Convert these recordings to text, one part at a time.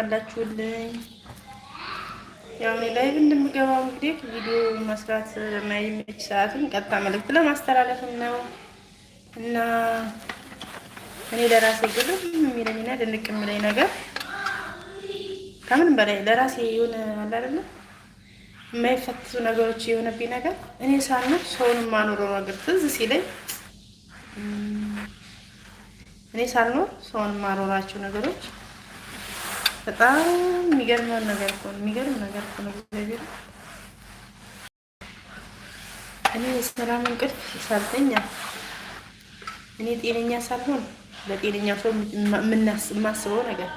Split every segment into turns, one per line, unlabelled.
አላችሁልኝ። ያው እኔ ላይ እንደምገባው እንግዲህ ቪዲዮ መስራት የማይመች ሰዓትም ቀጥታ መልዕክት ለማስተላለፍም ነው እና እኔ ለራሴ ግብም የሚለኝና ድንቅ የሚለኝ ነገር ከምንም በላይ ለራሴ የሆነ አለ አይደለ የማይፈቱ ነገሮች የሆነብኝ ነገር እኔ ሳልኖር ሰውንም ማኖረው ነገር ትዝ ሲለኝ እኔ ሳልኖር ሰውን ማኖራቸው ነገሮች በጣም የሚገርመው ነገር እኮ ነው። የሚገርም ነገር እኮ ነው። እግዚአብሔር እኔ የሰላም እንቅልፍ ሳልተኛ እኔ ጤነኛ ሳልሆን ለጤነኛ ሰው የማስበው ነገር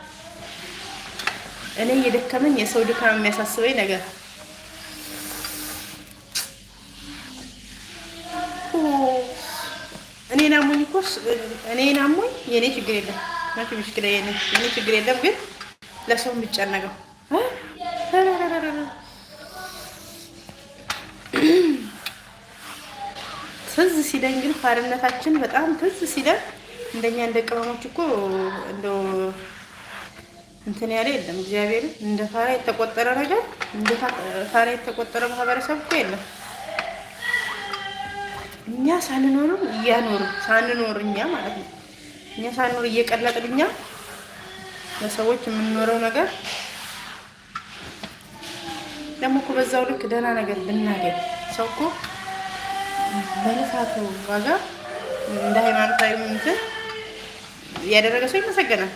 እኔ እየደከመኝ የሰው ድካም የሚያሳስበኝ ነገር እኔ ናሞኝ እኮ እኔ ናሞኝ የእኔ ችግር የለም ችግር የለም ግን ለሰው የሚጨነቀው ትዝ ሲለን ግን ፋርነታችን በጣም ትዝ ሲለን እንደኛ እንደ ቅመሞች እኮ እንደው እንትን ያለ የለም። እግዚአብሔር እንደ ፋራ የተቆጠረ ነገር እንደ ፋራ የተቆጠረ ማህበረሰብ እኮ የለም። እኛ ሳንኖርም እያኖሩ ሳንኖር እኛ ማለት ነው እኛ ሳንኖር እየቀለጥን እኛ ለሰዎች የምንኖረው ነገር ደግሞ እኮ በዛው ልክ ደህና ነገር ብናገኝ ሰው እኮ በልፋቱ ዋጋ እንደ ሃይማኖታዊ እንትን ያደረገ ሰው ይመሰገናል።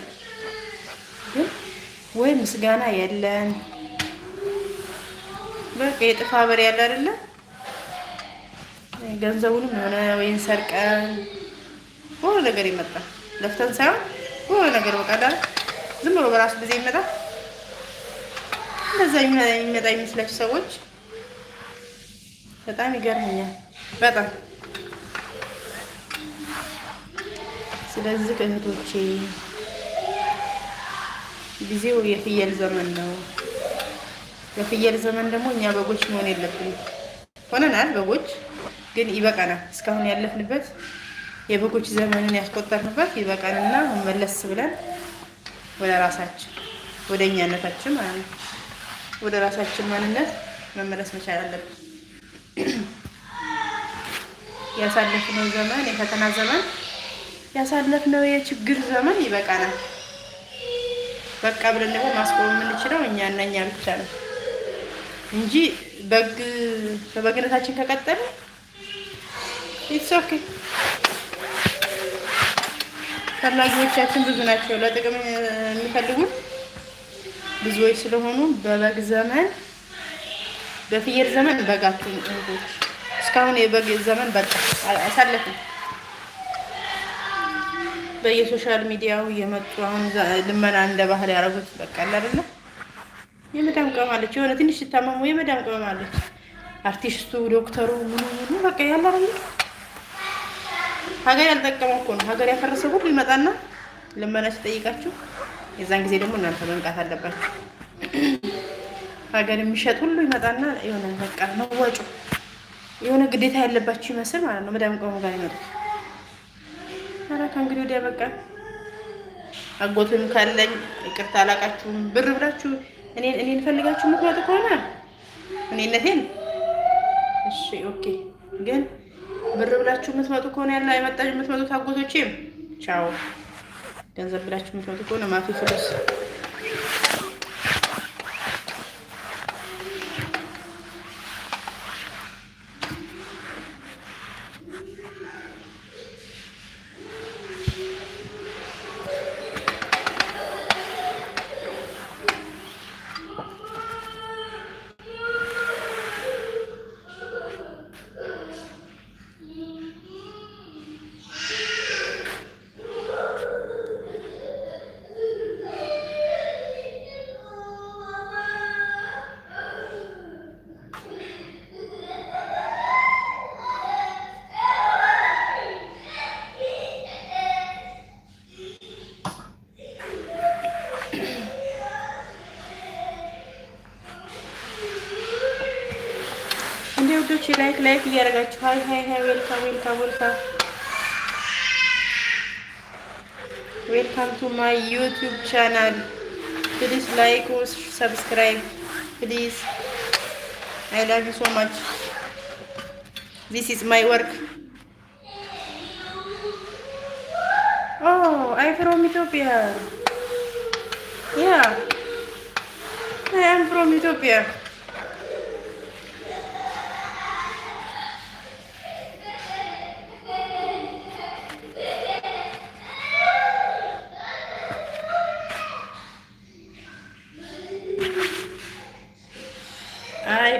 ግን ወይ ምስጋና የለን በቃ የጥፋ በር ያለ አይደለ? ገንዘቡንም የሆነ ወይን ሰርቀን በሆነ ነገር ይመጣል። ለፍተን ሳይሆን በሆነ ነገር በቃ ዝም ብሎ በራሱ ጊዜ ይመጣል። እንደዛ የሚመጣ የሚመስላችሁ ሰዎች በጣም ይገርመኛል። በጣም ስለዚህ እህቶቼ ጊዜው የፍየል ዘመን ነው። የፍየል ዘመን ደግሞ እኛ በጎች መሆን የለብንም። ሆነናል በጎች ግን ይበቃናል። እስካሁን ያለፍንበት የበጎች ዘመንን ያስቆጠርንበት ይበቃንና መለስ ብለን ወደ ራሳችን ወደ እኛነታችን ማለት ነው። ወደ ራሳችን ማንነት መመለስ መቻል አለብን። ያሳለፍነው ዘመን የፈተና ዘመን ያሳለፍነው የችግር ዘመን ይበቃናል። በቃ ብለን ደግሞ ማስቆም የምንችለው እኛና እኛ ብቻ ነው እንጂ በግ በበግነታችን ከቀጠለ ኢትስ ኦኬ። ፈላጊዎቻችን ብዙ ናቸው ለጥቅም የሚፈልጉት ብዙዎች ስለሆኑ በበግ ዘመን በፍየል ዘመን በጋቱን እህቶች እስካሁን የበግ ዘመን በቃ አሳለፍን። በየሶሻል ሚዲያው የመጡ አሁን ልመና እንደ ባህል ያደረጉት በቃ አይደለ? የመዳም ቅመም አለች፣ የሆነ ትንሽ ሲታመሙ የመዳም ቅመም አለች። አርቲስቱ፣ ዶክተሩ ሙሉ ሙሉ በቃ ያለ አይደለ? ሀገር ያልጠቀመ እኮ ነው ሀገር ያፈረሰ ሁሉ ይመጣና ልመና ሲጠይቃችሁ የዛን ጊዜ ደግሞ እናንተ መምጣት አለባችሁ። ሀገር የሚሸጥ ሁሉ ይመጣና የሆነ በቃ ነው የሆነ ግዴታ ያለባችሁ ይመስል ማለት ነው። መዳም ቆሞ ጋር ይመጡ ኧረ ከእንግዲህ ወዲያ በቃ አጎቱን ካለኝ ይቅርታ አላቃችሁም ብር ብላችሁ እኔን እኔን ፈልጋችሁ የምትመጡ ከሆነ እኔነቴን እሺ ኦኬ። ግን ብር ብላችሁ የምትመጡ ከሆነ ያለ የመጣችሁ የምትመጡት አጎቶቼም ቻው ገንዘብ ብላችሁ የምትመጡ ከሆነ ማፊ ፍሉስ ኦች ላይክ ላይክ እያደረጋችሁ ሀይ ሀይ ሀይ ዌልካም ዌልካም ዌልካም ዌልካም ቱ ማይ ዩቲዩብ ቻናል ፕሊዝ ላይክ ሰብስክራይብ ፕሊዝ አይ ላቭ ዩ ሶ ማች ዚስ ኢዝ ማይ ወርክ ኦ አይ ፍሮም ኢትዮጵያ ያ አይ አም ፍሮም ኢትዮጵያ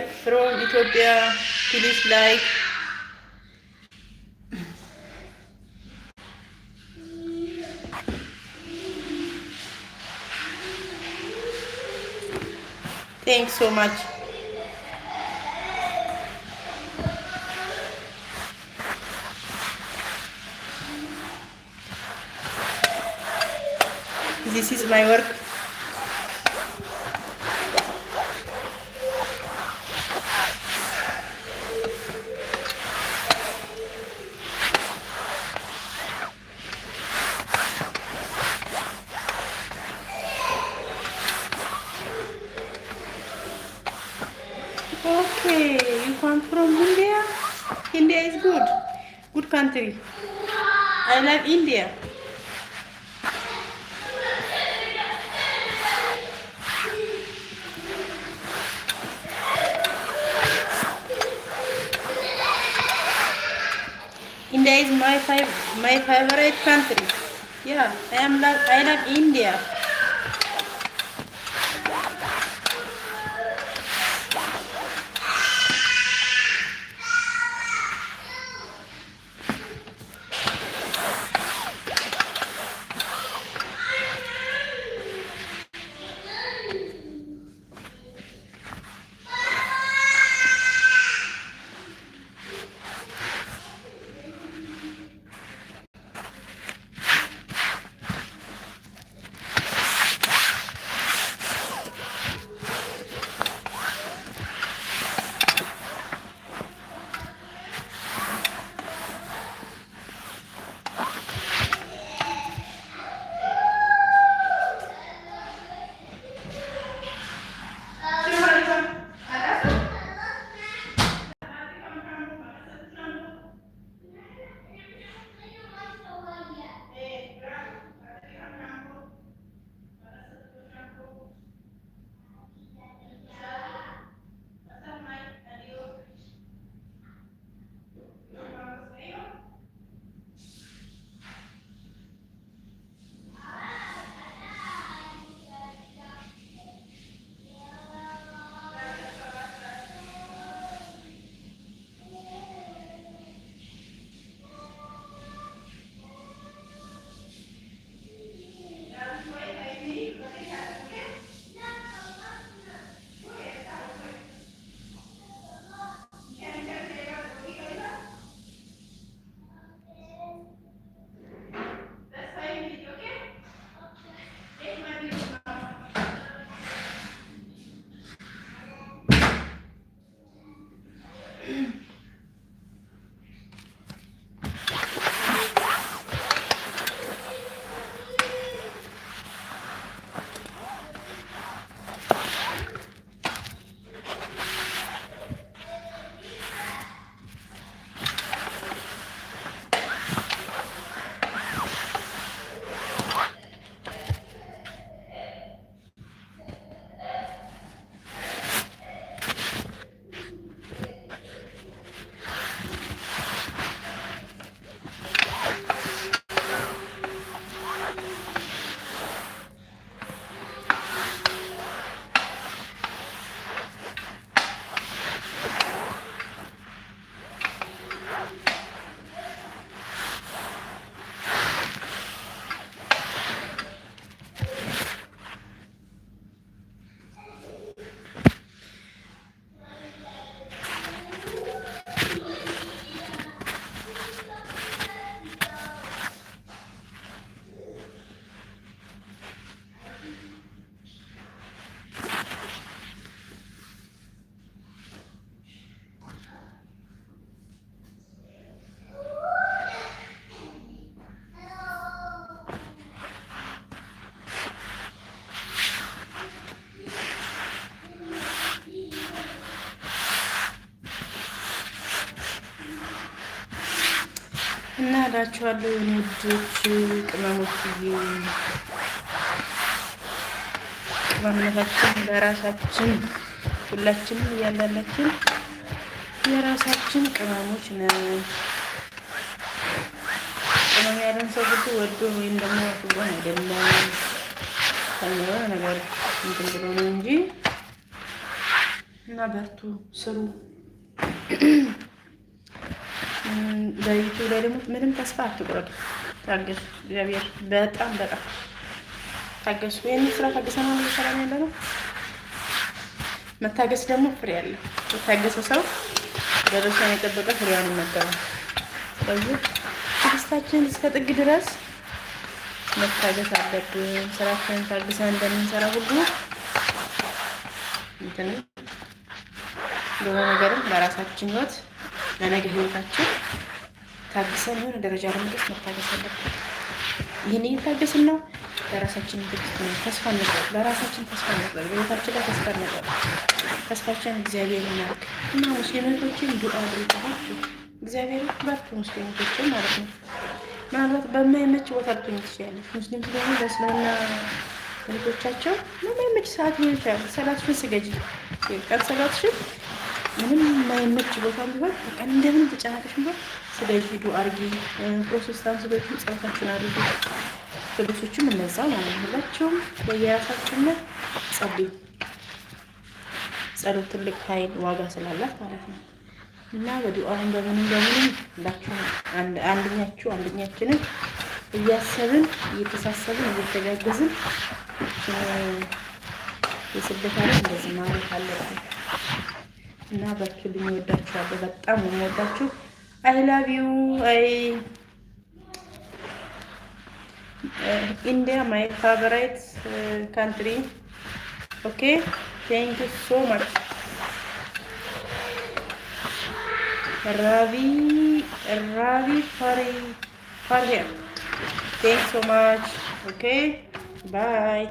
from Ethiopia. Please life. Thanks so much. This is my work. Okay, you come from India? India is good. Good country. I love India. India is my, my favorite country. Yeah, I am love, I love India. እና እላችኋለሁ የኔ ውዶች ቅመሞች ቅመምነታችን ለራሳችን ሁላችንም እያንዳንዳችን የራሳችን ቅመሞች ነን። ቅመም ያለን ሰው ሁሉ ወዶ ወይም ደግሞ ፍጎን አይደለም ከሚሆነ ነገር እንትን ብሎ ነው እንጂ እና በርቱ ስሩ በዩቱብ ላይ ደግሞ ምንም ተስፋ አትቁረጡ። ታገሱ። እግዚአብሔር በጣም በጣም ታገሱ። ይህን ስራ ታገሰና ሰላም ያለ ነው። መታገስ ደግሞ ፍሬ አለ። የታገሰ ሰው በደርሷን የጠበቀ ፍሬያን ይመገባል። ስለዚህ ትግስታችን እስከ ጥግ ድረስ መታገስ አለብን። ስራችንን ታግሰን እንደምንሰራ ሁሉ እንትን ለሆነ ነገርም ለራሳችን ህይወት ለነገ ህይወታችን ታግሰን የሆነ ደረጃ ለመድረስ መታገስ አለብን። ይህን እየታገስን ነው። ለራሳችን ተስፋ እንቁረጥ፣ ለራሳችን ተስፋ እንቁረጥ፣ በህይወታችን ላይ ተስፋ እንቁረጥ። ተስፋችን እግዚአብሔር ይናርግ እና ሙስሊሞችን ዱአ አድርጋችሁ እግዚአብሔር ባርክ ሙስሊሞችን ማለት ነው። ምናልባት በማይመች ቦታ ልትሆኝ ትችላለች። ሙስሊም ስለሆነ በእስልምና እህቶቻቸው በማይመች ሰዓት ሊሆን ይችላል። ሰላትሽን ስገጂ ቀን ሰላትሽን ምንም የማይመች ቦታ ቢሆን በቃ እንደምን ተጨናቀሽ ቢሆን ስለዚህ ሂዱ አርጊ። ፕሮቴስታንት ቤትም ጸሎታችሁን አድርጉ፣ ኦርቶዶክሶችም እነዛ ማለት ሁላቸውም በየራሳችን ጸልዩ። ጸሎት ትልቅ ኃይል ዋጋ ስላላት ማለት ነው እና በዱአን በምንም በምንም ሁላችሁም አንድኛችሁ አንድኛችንን እያሰብን እየተሳሰብን እየተጋገዝን የስደት አለ እንደዚህ ማለት አለብን። እና በርቱልኝ። እወዳችኋለሁ። በጣም ነው የምወዳችሁ። አይ ላቭ ዩ አይ ኢንዲያ ማይ ፋቨራይት ካንትሪ ኦኬ ቴንክ ዩ ሶ ማች ራቪ ራቪ ፋሪ ፋሪ ቴንክ ሶ ማች ኦኬ ባይ